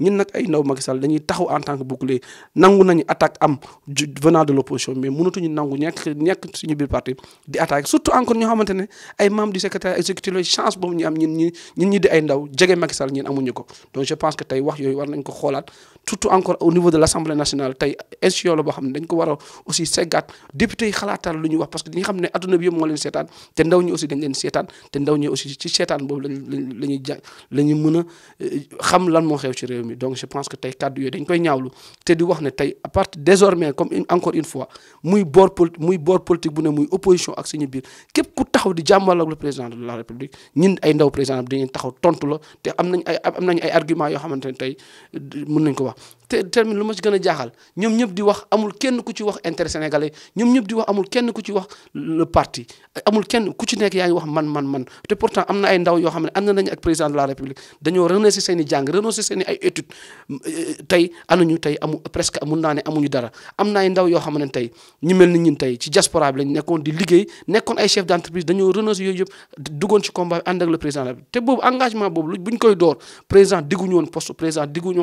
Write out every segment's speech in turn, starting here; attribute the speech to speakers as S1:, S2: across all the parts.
S1: ñun nag ay ndaw Macky Sall dañuy taxaw en tant que bouclier nangu nañu attaque am venant de l' opposition mais mënatuñu nangu ñekk ñekk suñu biir parti di attaque surtout encore ñoo xamante ne ay membre du secrétaire exécutif la chance boobu ñu am ñun ñi ñun ñi di ay ndaw jege Macky Sall ñun amuñu ko donc je pense que tey wax yooyu war nañ ko xoolaat surtout encore au niveau de l' nationale tey institution la boo xam ne dañ a aussi seggaat lu ñuy wax parce que dañu xam ne adduna bi yëpp moo te ndaw ñi aussi dañ leen seetaan la euh, moo xew ci réew mi donc je pense que tey kàddu dañ koy ñaawlu te di wax ne tey à partir désormais comme encore une fois muy boor poli muy boor politique bu ne muy opposition ak suñu biir képp ku taxaw di jàmmal ak le président de la république ñun ay ndaw président dañuy taxaw tontu la am nañ ay am nañ ay argument yoo xamante ne tey euh, mën nañ ko wax wax te termine lu ma ci gën a jaaxal ñoom di wax amul kenn ku ci wax intérêt sénégalais ñoom ñëpp di wax amul kenn ku ci wax le parti amul kenn ku ci nekk yaa ngi wax man man man te pourtant am na ay ndaw yoo xam euh, naa ne amuñu dara am na ay ndaw yoo xam ne tey ñu mel ni ñun tey ci diaspora bi lañ nekkoon di liggéey nekkoon ay chef d' entreprise dañoo renoncer yooyu yëpp duggoon ci combat bi ànd ak président te boobu engagement boobu buñ koy door président digguñu woon poste président digguñu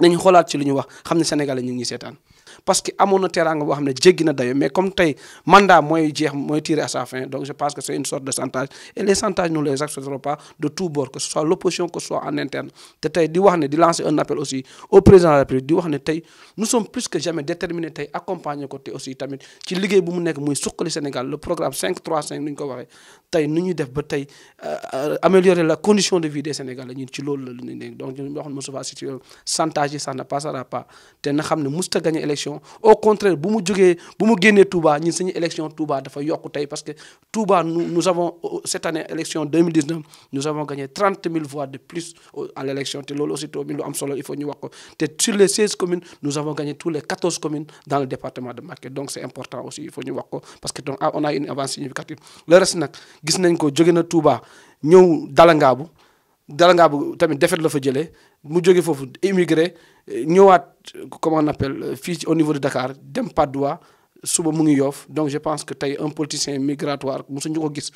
S1: nañu xoolaat ci lu ñu wax xam ne sénégalais ñu ngi seetaan parce que amono teranga bo xamné xam dayo mais comme tay mandat moy jeex moy tirer à sa fin donc je pense que c'est une sorte de chantage et les chantages nous les accepterons pas de tout bord que ce soit l'opposition que ce soit en interne te tey di wax né di lancer un appel aussi au président de la République di wax né tay nous sommes plus que jamais déterminés tay accompagner côté aussi tamit ci liggéey bu mu nek moy soukali Sénégal le programme 535 3 ko waxé tay nu def ba tay euh, euh, améliorer la condition de vie des Sénégalais ñun ci loolu la donc ñu waxoon Moustapha chantage ça ne passera pas te na xamné musta gagner élection au contraire si mu jógee gagné Touba, Touba ñun suñu élection Touba parce que Touba nous nous avons euh, cette année élection 2019 nous avons gagné 30 000 voix de plus à l'élection. C'est aussi il faut ñu wax sur les 16 communes nous avons gagné tous les 14 communes dans le département de Mbacké donc c'est important aussi il faut ñu wax parce que donc ah, on a une avance significative le reste nous gis nañ ko nous na Touba d'Alangabou. Dalangaabu dal nga bu tamit defet la fa jëlee mu jóge fofu immigré ñëwaat comment on appelle euh, fils au niveau de Dakar dem Padoua suba mu ngi yof donc je pense que tay un politicien migratoire suñu ko gis.